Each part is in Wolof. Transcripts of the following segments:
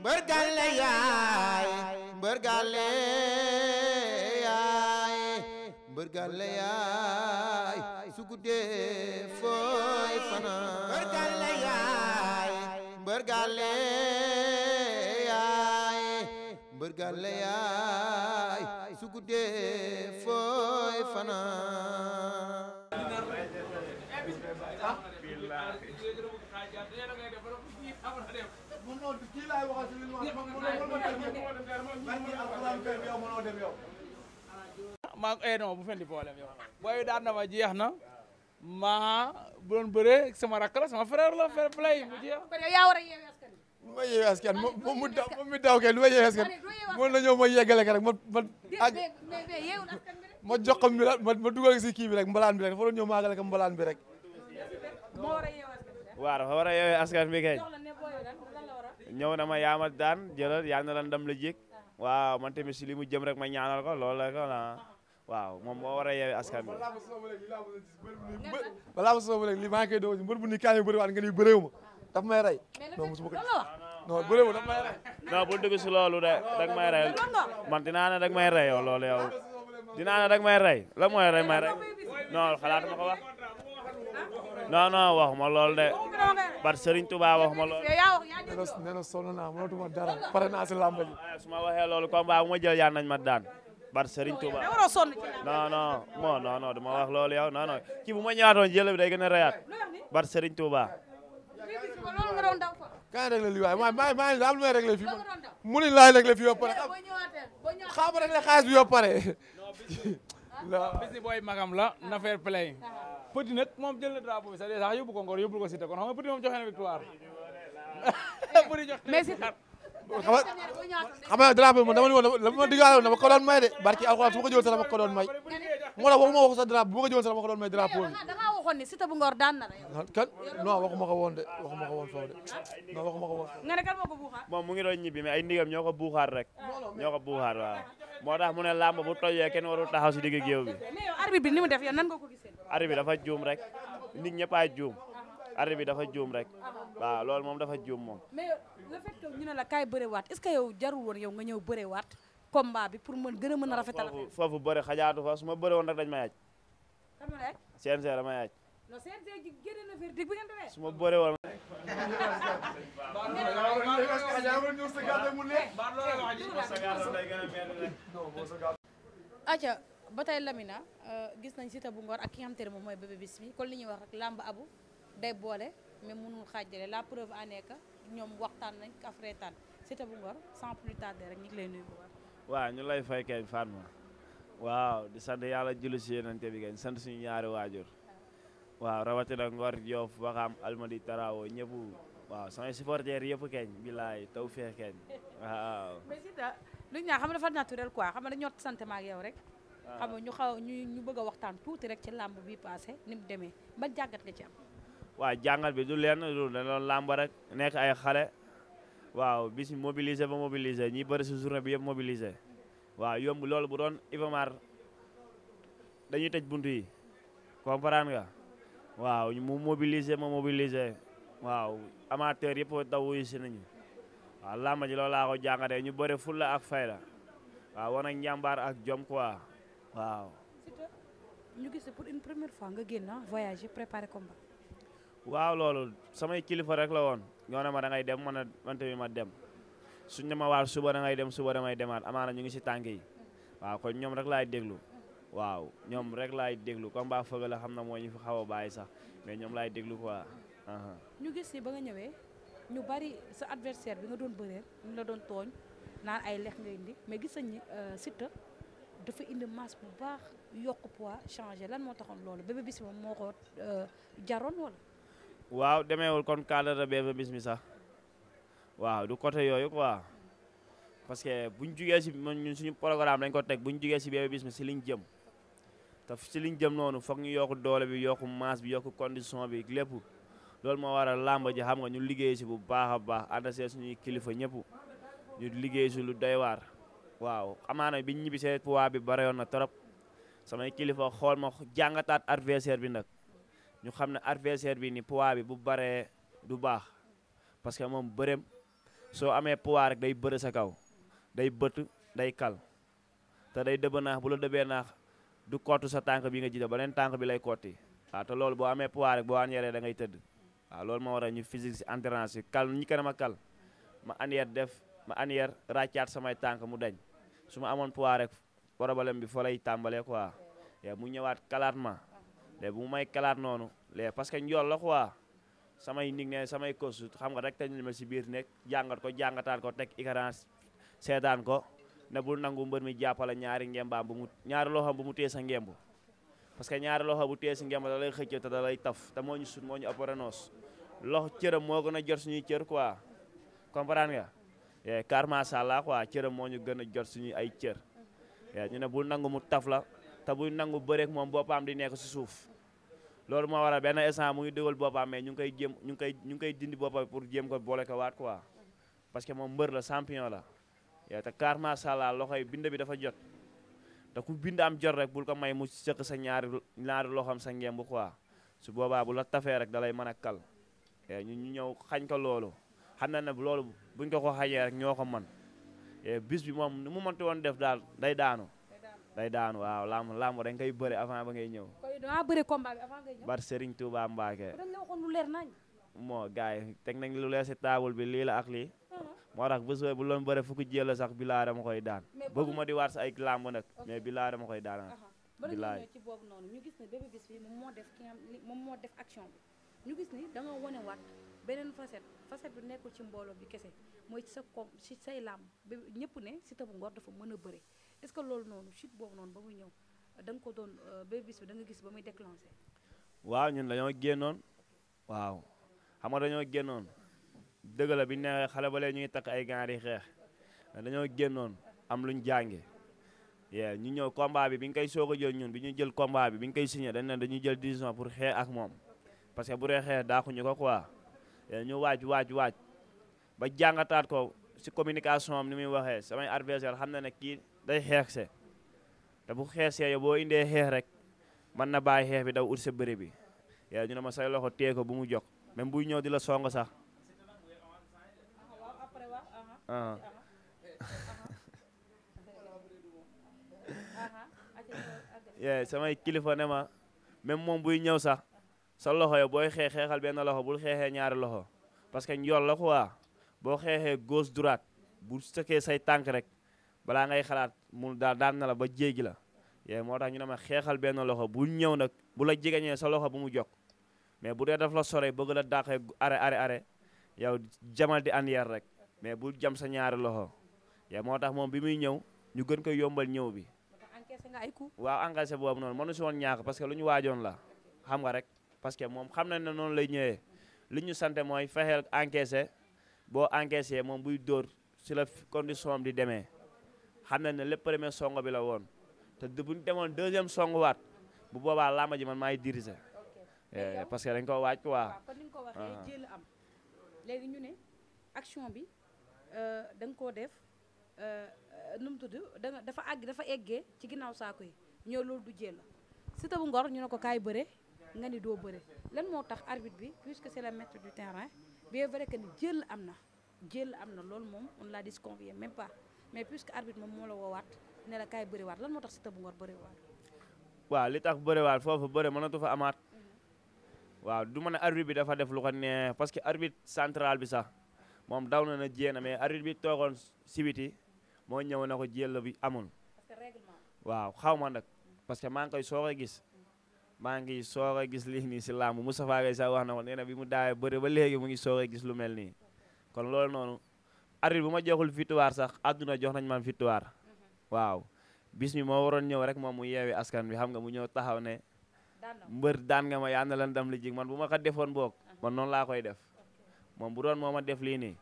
mbër gàlle yaay mbër gàlle yaay mbër gàlle yaay su guddee fooy fanaan mbër gàlle yaay mbër gàlle yaay yaay ma kii eh, bu fen di problème na ma jeex na. maa bu doon bëree sama rakk la sama frère la fair play mu jeex. yaa war ma mu daw moom mi daw kay lu ma yeewee askan rek ma ma. ma ma dugal si kii rek mbalaan bi rek dafa doon ñëw maagale ko mbalaan bi rek. waaw dafa war a yeewee askan bi ñëw na ma yaa ma daan jëlal yaa na la ndam la jéeg waaw man tamit si li mu jëm rek ma ñaanal ko loolu la ko waaw moom moo war a yeewee askan bi. balaa ma soo rek lii maa ngi koy doon mbër bu ni kaay bëriwaat nga ni bëreewu ma daf may rey. non mosuma ko gis non bëreewu daf may rey. non bu dugg si loolu de dag may rey man dinaa ne dag may rey yow loolu yow dinaa ne dag may rey la mooy rey may rey non xalaatuma ko wax. non non waxuma lool de parce que Serigne Touba waxuma lool. nee na sonn naa mënatuma dara pare naa si làmb ji. su ma waxee loolu combat bu ma jël nañ ma daan parce que Serigne Touba. non non non non wax loolu yow non non kii bu ma ñëwaatoon bi day gën a reyaat parce que Serigne Touba. kaay réglé lii waaye maa maa maa lu may réglé fii mu ni laay ba pare xaaral réglé xaalis bi ba pare. la na petit nag moom jël na drapeau bi sax dee sax yóbbu ko Ngor yóbbu ko Cité kon xam nga petit moom joxe na victoire petit joxe na victoire xam nga drapeau bi moom dama ni woon la ma digaale woon dama ko doon may de barki alxuraan su ma ko jëloon sax dama ko doon may moo tax waxuma wax sa drapeau bu ma ko jëloon sax dama ko doon may drapeau bi dangaa waxoon ni Cité bu Ngor daan na la kan non waxuma ko woon de waxuma ko woon foofu de non waxuma ko woon nga ne kan moo ko buuxaat moom mu ngi doon ñibbi mais ay ndigam ñoo ko buuxaat rek ñoo ko buuxaat waaw moo tax mu ne làmb bu tojee kenn warul taxaw si digg géew bi mais yow arbitre bi ni mu def yow nan nga ko gis arbitre bi dafa juum rek nit ñëppaay juum arbitre bi dafa juum rek waaw loolu moom dafa juum moom. mais le fait que ne la kaay bërewaat est ce que yow jarul woon yow nga ñëw bërewaat combat bi pour mën gën a mën a rafetal. foofu foofu bëre xajaatu fa su bëre woon rek dañ ma yaaj. xam nga rek. CNG dama bëre woon. acca ba tey Lamina euh, gis nañ Siteu bu Ngor ak ki nga xamante ne moom mooy Bébé Bismi kon li ñuy wax rek làmb abu day boole mais mënul xaajale la preuve en est ñoom waxtaan nañ kaf reetaan Siteu bu Ngor sans plus tarder rek ñu ngi bu waaw ñu lay fay kay Fatma waaw di sant yàlla julli si yéenante bi kay sant suñu ñaari waajur waaw rawatina Ngor Diof Waxam Almadi Tarawo ñëpp waaw samay supporters yëpp keñ bilaay taw feex keñ waaw. mais lu ñu naan xam nga dafa naturel quoi xam nga dañoo sant ma rek. Ah. xam nga ñu xaw ñu bëgg a waxtaan tuuti rek ci làmb bi passé ni mu demee ban jàngat nga ci am. waaw jàngat bi du leen du doon làmb rek nekk ay xale waaw bis mobilise ba mobiliser ñi bëri bi yëpp mobiliser waaw yomb loolu bu doon Iba Mar dañuy tej bunt yi comprendre nga waaw mu mobilise ma mobiliser waaw amateur yëpp daw wuyu si nañu waaw làmb ji loolu laa ko jàngatee ñu bëri fulla ak fayda waaw wan ak njàmbaar ak jom quoi waaw. ñu gis pour une première fois nga génn ah, voyager préparer combat. waaw loolu samay kilifa rek la woon ñoo ne ma da ngay dem man a man ma dem suñ ne ma waar suba da ngay dem suba damay demaat amaana ñu ngi si tànk yi waaw kon ñoom rek laay déglu waaw ñoom rek laay déglu comme ba fëgg la xam na moo ñu fi xaw a sax mais ñoom laay déglu quoi. ñu gis ni ba nga ñëwee ñu bari sa adversaire bi nga doon bëreel ñu la doon tooñ naan ay lex nga dafa indi masse bu baax yokk poids changé lan moo taxoon loolu bébé bismi moo ko euh, jaroon wala. waaw demeewul kon cadre la bébé bismi sax waaw du côté yooyu quoi parce que bu ñu jugee si ñun suñu programme dañ ko teg bu ñu jugee si bébé bismi si liñ jëm te si liñ jëm noonu foog ñu yokk doole bi yokk masse bi yokk condition bi lépp loolu moo waral làmb ji xam nga ñu liggéey si bu baax a baax ànd see suñuy kilifa ñëpp ñu liggéey si lu doy waar. waaw amaana biñ ñibbisee poids bi bareyoon na trop samay kilifa xool ma jàngataat adversaire bi nag ñu xam ne adversaire bi ni poids bi bu baree du baax parce que moom bërëm soo amee poids rek day bëre sa kaw day bëtt day kal te day dëba naax bu la dëbee naax du kottu sa tànk bi nga jiite beneen tànk bi lay kotti waaw te loolu boo amee poids rek boo añeeree da ngay tëdd waaw loolu moo waral ñu physique si entraînement si kal ñi kanam a kal ma andeet def ma anière ràccaat samay tànk mu dañ su ma amoon poids rek problème bi fa lay tàmbalee quoi mu ñëwaat kalaat ma léegi bu may kalaat noonu léegi parce que njool la quoi samay nit ne samay kosut xam nga rek teñu ma si biir nekk jàngat ko jàngataat ko teg écran seetaan ko ne bul nangu mbër mi jàppale ñaari ngembaam bu mu ñaari loxo bu mu téye sa ngemb parce que ñaari loxo bu téye sa ngemb da lay xëcc te da lay taf te moo ñu sut moo ñu opéré noos loxo a jot car eh, macha allah quoi cëram moo ñu gën a jot suñu ay cër eh, ñu ne bul nangu mu taf la te bul nangu bëreek moom boppam di nekk si suuf loolu moo waral benn instant mu ngi dëgal boppam mais ñu ngi koy jéem ñu ngi koy ñu ngi koy dindi boppam pour jéem ko boole ko waat quoi parce que moom mbër la champion la eh, te car macha allah loxoy bind bi dafa jot te ku bind am jot rek bul ko may mu sëq sa ñaari ñaari loxoom sa ngemb quoi su boobaa bu la tafee rek da lay mën a kal ñu ñëw xañ ko loolu xam na ne buñ ko ko xajee rek ñoo ko man eh, bis bi moom nu mu mënti woon def daal day daanu. day daanu waaw làmb làmb dañ koy bëri avant ba ngay ñëw. kon da ngaa bëri combat bi avant ngay ñëw. bar Serigne lu leer nañ. moo gars yi lu leer si bi lii la ak lii. Uh-huh. moo tax bu sooy bu loon bëri fukki jéel sax bilaa dama koy daan. bëgguma di waat sa ay làmb nag. mais bilaa mu koy daan. Uh-huh. bilaa beneen facette facette bi nekkul ci mbooloo bi kese mooy ci sa koom ci say làmb ba ñëpp ne Siteu bu Ngor dafa mën a bëre est-ce que loolu noonu chute boobu noonu ba muy ñëw da ko doon euh, ba bis bi da gis ba muy déclenché. waaw ñun dañoo génnoon waaw xam nga dañoo génnoon dëgg bi ne xale ba léegi ñu ngi takk ay gants di xeex dañoo génnoon am lu jànge yeah ñu ñëw combat bi bi ñu koy soog a jël ñun bi ñu jël combat bi bi ñu koy signé dañ ne dañuy jël décision pour xeex ak moom parce que bu dee xeex daaxuñu quoi. Eh, ñu waaj waaj waaj ba jàngataat ko si communication am ni muy waxee samay adversaire xam na ne kii day xeexse te bu xeexsee yow boo indee xeex rek mën na bàyyi xeex bi daw ut se bëre bi ñu ne ma say loxo téye ko bu mu jox même buy ñëw di la song sax ah. samay kilifa ne ma même moom buy ñëw sax sa loxo ya booy xeex xeexal benn loxo bul xeexee ñaari loxo parce que njool la waa boo xeexee gauche droite bu sëkkee say tànk rek balaa ngay xalaat mu daal daan na la ba jéegi la yooyu moo tax ñu ne xeexal benn loxo bul ñëw nag bu la jegeñee sa loxo bu mu jox mais bu dee daf la sore bëgg la dàqee are are are yow jamal di andiar rek mais bul jam sa ñaari loxo yooyu moo tax moom bi muy ñëw ñu gën ko yombal ñëw bi. waaw engagé boobu noonu mënu si woon ñaax parce que lu ñu waajoon la xam nga rek. parce que moom xam na ne noonu lay ñëwee lu ñu sant mooy fexeel encaissé boo encaissé moom buy dóor si la condition am di demee xam na ne lépp premier song bi la woon te bu ñu demoon deuxième song waat bu boobaa làmba ji man maay dirigé. Eh, parce que dañ ko waaj quoi. waaw kon ni ko waxee ah. jël am léegi ñu ne action bi euh, da nga koo def euh, euh, nu mu tudd dafa àgg dafa eggee ci ginnaaw saako yi ñoo loolu du jël Siteu bu Ngor ñu ne ko kaay bëre. nga ni doo bëre lan moo tax arbitre bi puisque c'est le maître du terrain bien vrai que ni jël am na jël am na loolu moom on l'a disconvié même pas mais puisque arbitre moom moo la woowaat ne la kaay bëriwaat lan moo tax si tëb ngor bëriwaat. waaw li tax bëriwaat foofu bëri mënatu fa amaat. waaw du ma ne arbitre bi dafa def lu ko parce que arbitre central bi sax moom daw na na jéena mais arbitre bi toogoon si moo ñëw na ko jéel bi amul. parce que waaw xaw ma nag parce que maa ngi koy soo a gis. maa ngi soog a gis lii nii si làmb Moustapha Gueye sax wax na ko nee bi mu daawee bëri ba léegi mu ngi soog gis lu mel nii kon loolu noonu arbitre bu ma joxul victoire sax àdduna jox nañ man victoire waaw bis mi moo waroon ñëw rek moom mu yeewi askan bi xam nga mu ñëw taxaw ne mbër daan nga ma yaa na lan dam li jig man bu ma ko defoon boog man noonu laa koy def moom bu doon moo ma def lii nii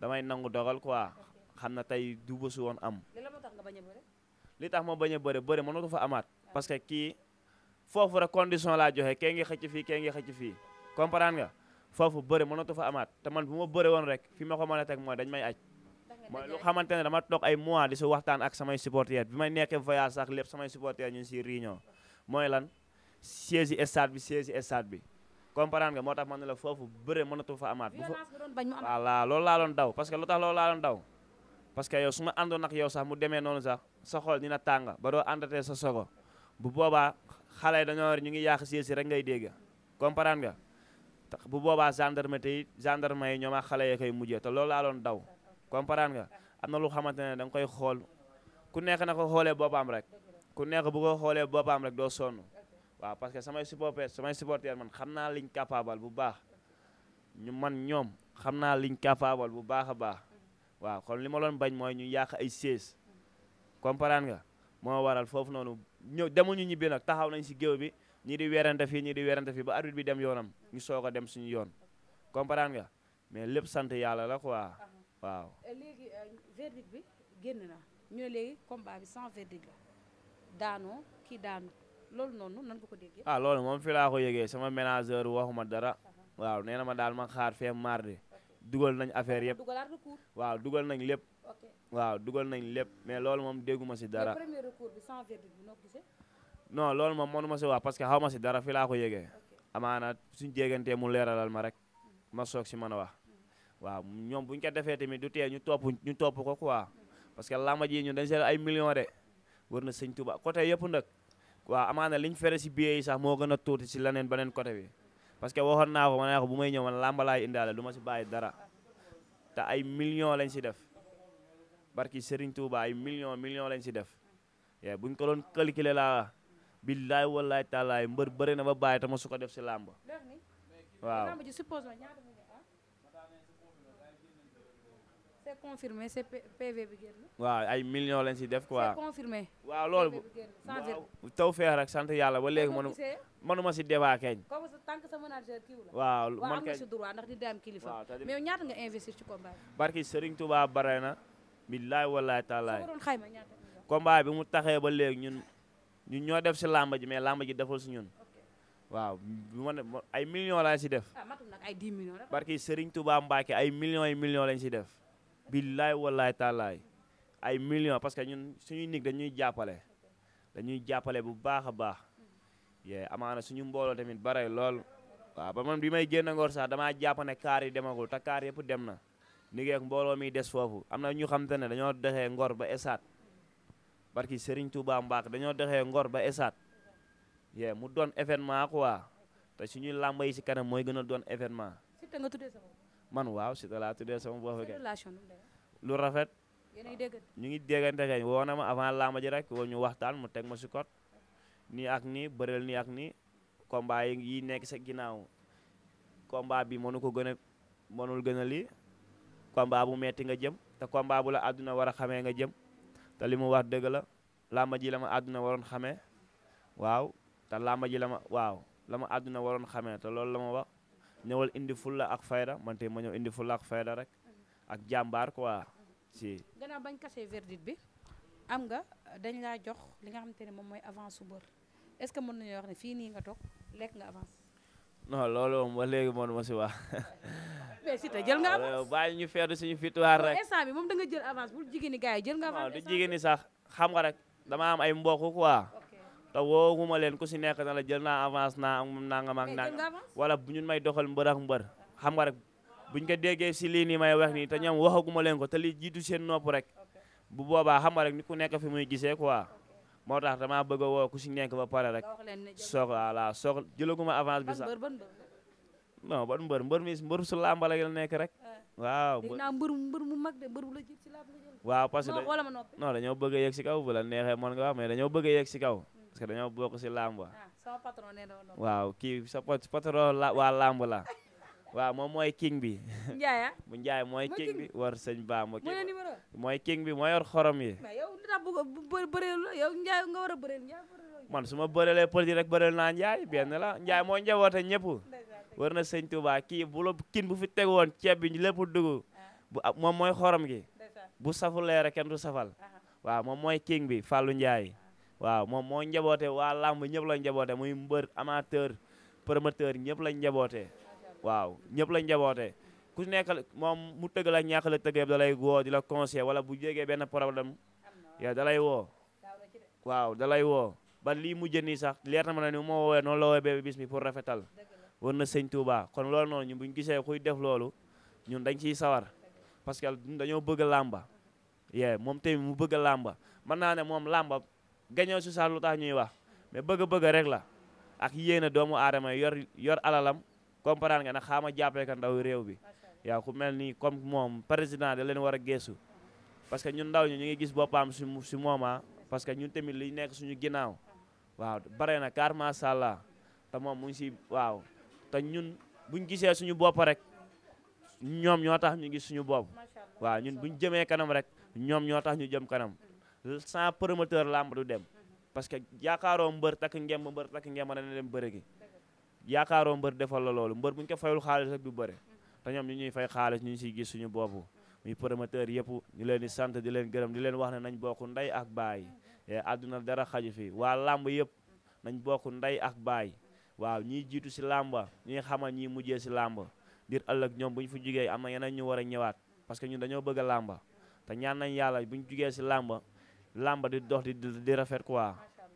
damay nangu dogal quoi xam na tey du bësu woon am li tax foofu rek condition laa joxe kee ngi xëcc fii kee ngi xëcc fii comprendre nga foofu bëre mënatu fa amaat te man bu ma bëre woon rek fii ma ko mën a teg mooy dañ may aj mooy lu xamante ne dama toog ay mois di si waxtaan ak samay supporters bi may nekkee voyage sax lépp samay supporters ñu ngi si réunion mooy lan siège yi stade bi siège yi stade bi comprendre nga moo tax man ne la foofu bëre mënatu fa amaat voilà loolu laa doon daw parce que lu tax loolu laa doon daw parce que yow su ma àndoon ak yow sax mu demee noonu sax sa xool dina tàng ba doo àndatee sa xale yi dañoo war ñu ngi yàq siis rek ngay dégg comprendre nga bu boobaa ma tey ma yi ñoom ak xale yi koy mujjee ta loolu laa daw comprendre nga am na lu xamante ne da koy xool ku nekk na ko xoolee boppam rek ku nekk bu ko xoolee boppam rek doo sonn waaw parce que samay supporter samay supporter man xam naa liñ capable bu baax ñu man ñoom xam naa liñ capable bu baax a baax waaw kon li ma doon bañ mooy ñu yàq ay siis comprendre nga moo waral foofu noonu ñëw demuñu ñibbi nag taxaw nañ si géew bi ñii di werante fii ñii di werante fii ba arbitre bi dem yoonam ñu soog a dem suñu yoon comprendre nga mais lépp sant yàlla la quoi waaw. léegi euh, na ñu ne léegi combat bi daanoo kii daan loolu noonu a ah, loolu moom fi laa ko yëgee sama ménageur waxuma dara uh-huh. waaw nee na ma daal ma xaar fee mardi dugal nañ affaire yëpp waaw dugal nañ lépp. waaw dugal nañ lépp mais loolu moom ma si dara. premier loolu moom mënu ma si wax parce que xaw ma si dara fi laa ko yëgee. amaana suñ jéegantee mu leeralal ma rek mm. ma soog si mën a wax. Mm. waaw ñoom buñ ko defee tamit du tee ñu topp ñu topp ko quoi parce que làmba ji ñu dañ seen ay millions de war na sëñ Tuba côté yëpp nag waaw amaana liñ fere si billet yi sax moo gën a tuuti si leneen beneen côté bi parce que waxoon naa ko ma ne ko bu may ñëw man làmba laay ma si bàyyi dara te ay millions lañ si def. barki Serigne Touba ay million million lañ si def ye buñ ko doon calculer laa billaay wallaay taalaay mbër bëri na ba bàyyi te ma def si làmb waaw ah? c'est confirmé c'est waaw ay millions lañ si def quoi. c'est loolu. waaw taw feex rek sant yàlla ba léegi mënu mënuma si débat keñ. waaw man keñ si droit ndax di daan kilifa. mais ñaata nga investir ci combat bi. barki Serigne Touba bare na. billaay wallaay taalaay combat bi mu taxee ba léeg ñun ñun ñoo def si làmba ji mais làmba ji deful si ñun waaw ma ne ay millions laa si def ah, barki Serigne Touba Mbacke ay millions yi millions lañ si def billaay wallaay taalaay ay million parce que ñun suñuy nit dañuy jàppale dañuy jàppale bu baax a baax yee amaana suñu mbooloo tamit bare lool waaw ba man bi may génn ngoor sax damaa jàpp ne kaar yi demagul te kaar yëpp dem na liggéey ak mbooloo mi des foofu am na ñu xam ne dañoo doxee ngor ba esaat barki Serigne Touba Mbaak dañoo doxee ngor ba esaat yee mu doon événement quoi te suñuy làmba yi si kanam mooy gën a doon événement. man waaw Siteu laa tuddee sama bopp lu rafet. ñu ngi déggante kañ woo na ma avant làmba ji rek woo ñu waxtaan mu teg ma si kot nii ak nii bëreel nii ak nii combat yi nekk sa ginnaaw combat bi mënu ko gën a mënul gën a lii. combat bu metti nga jëm te combat bu la àdduna war a xamee nga jëm te li mu wax dëgg la làmba ji la ma àdduna waroon xamee waaw te làmba ji la ma waaw la ma waroon xamee loolu la ma wax ñëwal indi fulla ak fayda man tey ma ñëw indi fulla ak fayda rek ak jàmbaar quoi si. gannaaw bañ kasee verdict bi am nga dañ laa jox li nga xam te ne moom mooy avance su bër est-ce que mën nañoo wax ne fii nii nga toog lekk nga avance. non loolu moom ba léegi man ma si wax. mais si te jël nga avance ñu feetu suñu victoire rek. instant bi moom da nga jël avance bu jigéen yi jël nga avance. du jigéen sax xam nga rek dama am ay mbokk quoi. te woowuma leen ku si nekk na jël naa avance naa am nangam ak nangam. wala bu ñun may doxal mbër ak mbër xam nga rek buñ ko degee si lii nii may wax nii te ñoom waxaguma leen ko te li jiitu seen nopp rek bu boobaa xam nga rek ni ku nekk fi muy gisee quoi. moo tax damaa bëgg a woo ku si nekk ba pare rek. soog voilà soog jëlaguma avance bi sax. non ban mbër mbër mi mbër su làmba la nekk rek. Ah. waaw mbër mbër mu mag de mbër bu la jël ci làmb la jël. waaw parce que non dañoo bëgg a si kaw bu la neexee mën dañoo bëgg a yegg kaw. parce que dañoo bokk si làmb. Ah, waaw kii sa patron waa làmb la. waaw moom mooy king bi. mu ah? bu mooy king bi war sëñ Bamba. mooy king bi mooy yor xorom yi. mais yow li tax war a bëreel man su ma bëreelee rek bëreel naa Ndiaye benn la ah. Ndiaye moo njaboote ñëpp. war na sëñ Touba kii bu kin bu fi teg woon ceeb bi lépp dugg. Ah. moom mooy xorom gi. bu safulee kenn du safal. waaw moom mooy king bi Fallou Ndiaye. waaw moom moo njaboote waa làmb ñëpp la njaboote muy mbër amateur promoteur ñëpp la njaboote. waaw ñëpp la njaboote ku nekk moom mu tëgg la ñàkk la tëggee da lay woo di la conseil wala bu jegee benn problème ya da lay woo waaw dalay woo ba lii mu jën nii sax leer ma ne ni moo woowee noonu bis mi pour rafetal war na sëñ Touba kon loolu noonu ñun bu ñu gisee kuy def loolu ñun dañ ciy sawar parce que dañoo bëgg a làmba yee moom tamit mu bëgg a làmba mën naa ne moom làmba gañoo su sax lu tax ñuy wax mais bëgg-bëgg rek la ak yéen a doomu aadama yor yor alalam comprendre nga ne xaama jàppee ka ndaw réew bi yaa ku mel ni comme moom président da leen war a geesu parce que ñun ndaw ñu ñu ngi gis boppam si si mooma ah. parce que ñun tamit li nekk suñu ginnaaw waaw bare na car macha allah te moom mu si waaw te ñun buñ gisee suñu bopp rek ñoom ñoo tax ñu gis suñu bopp waaw ñun buñ jëmee kanam rek ñoom ñoo tax ñu jëm kanam sans promoteur làmb du dem parce que yaakaaroo mbër takk ngemb mbër takk ma na dem bëre gi yaakaaroo mbër defal la loolu mbër buñ ko fayul xaalis rek du bëre te ñoom ñu ñuy fay xaalis ñu ngi siy gis suñu bopp muy promoteur yëpp ñu leen di sant di leen gërëm di leen wax ne nañ bokk ndey ak baay e àdduna dara xaju fi waa làmb yëpp nañ bokk ndey ak baay waaw ñiy jiitu si làmba ñi xamal ñi mujjee si làmba dir ëllëg ñoom bu ñu fa jugee am na yeneen ñu war a ñëwaat parce que ñun dañoo bëgg a làmba te ñaan nañ yàlla bu ñu jugee si làmba làmba di dox di di rafet quoi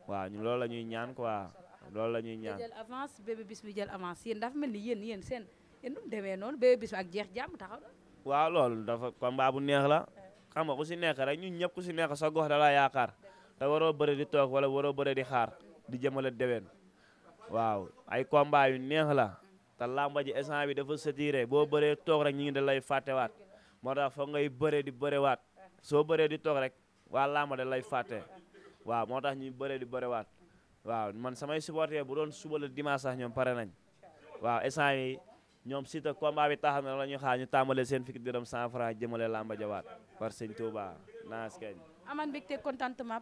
waaw ñun loolu la ñuy loolu la ñuy ñaan jël avance bébé bis bi jël avance yéen dafa mel ni yéen yéen seen yéen du demee noonu bébé bis ak jeex jàmm taxaw na. waaw loolu dafa combat bu neex la xam nga ku si neex rek ñun ñëpp ku si nekk sa gox da laa yaakaar te waroo bëre di toog wala waroo bëre di xaar di jëmale déwén waaw ay combat yu neex la te ba ji instant bi dafa saturé boo bëree toog rek ñu ngi da lay fàttewaat moo tax foog ngay bëree di bërewaat soo bëree di toog rek waa làmba da lay fàtte waaw moo tax ñuy bëree di bërewaat. waaw man samay supporter bu doon suba la dimanche sax ñoom pare nañ waaw instant yi ñoom Siteu combat bi taxaw na la ñu xaar ñu tàmbalee seen fukki dërëm 100 francs jëmale làmba jawaat par sëñ Touba naas kañ aman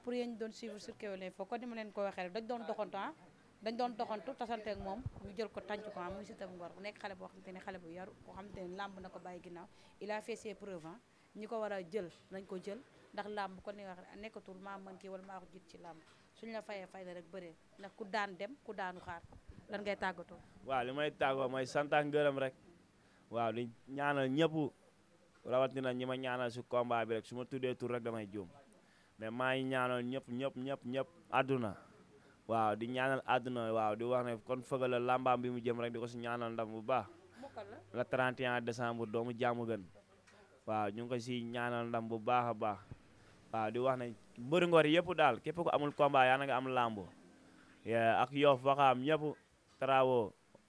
pour yéen doon suivre sur Kewel foo kon ni leen ko waxee dañ doon doxantu ah dañ doon doxantu tasante ak moom ñu jël ko tànc ko ah muy Siteu Ngor bu nekk xale boo xamante ne xale bu yaru boo xamante ne làmb na ko bàyyi ginnaaw il a fait ses preuves ah. ñi ko war a jël nañ ko jël ndax làmb ko ni nga wax nekkatul maa mën kii wala maa ko suñ la fayee fay la rek bëree ndax ku daan dem ku daanu xaar lan ngay tàggatoo. waaw li may tàggatoo mooy sant gërëm rek waaw di ñaanal ñëpp rawatina ñi ma ñaanal si combat bi ma tuddee tur rek damay juum mais maa ngi ñaanal ñëpp ñëpp ñëpp ñëpp àdduna. waaw di ñaanal àdduna waaw di wax ne kon fëgal lambaam bi mu jëm rek di ko si ñaanal ndam bu baax la 31 décembre doomu jaamu gën waaw ñu ko si ñaanal ndam bu baax a baax waaw di wax ne mbëri Ngor yëpp daal képp ku amul combat yaa na nga am lambo ak Yoff Waxaam ñëpp Travo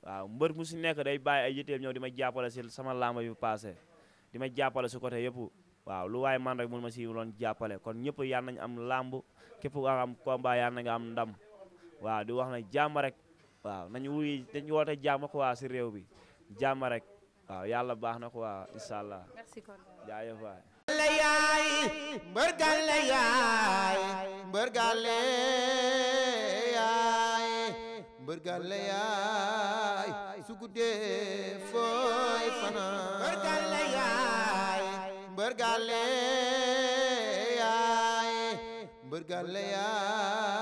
waaw mbër mu si nekk day bàyyi ay yitteem ñëw di ma jàppale si sama lambo yu passé di ma jàppale si côté yëpp waaw lu waaye man rek mun ma si loon jàppale kon ñëpp yaa nañ am lamb képp ku am combat yaa na am ndam waaw di wax ne jàmm rek waaw nañu wuy dañu woote jàmm quoi si réew bi jàmm rek waaw yàlla baax na quoi incha allah. la gaal la yaay gaal la yaay gaal la yaay su fooy fanaan mbër gaal la yaay gaal la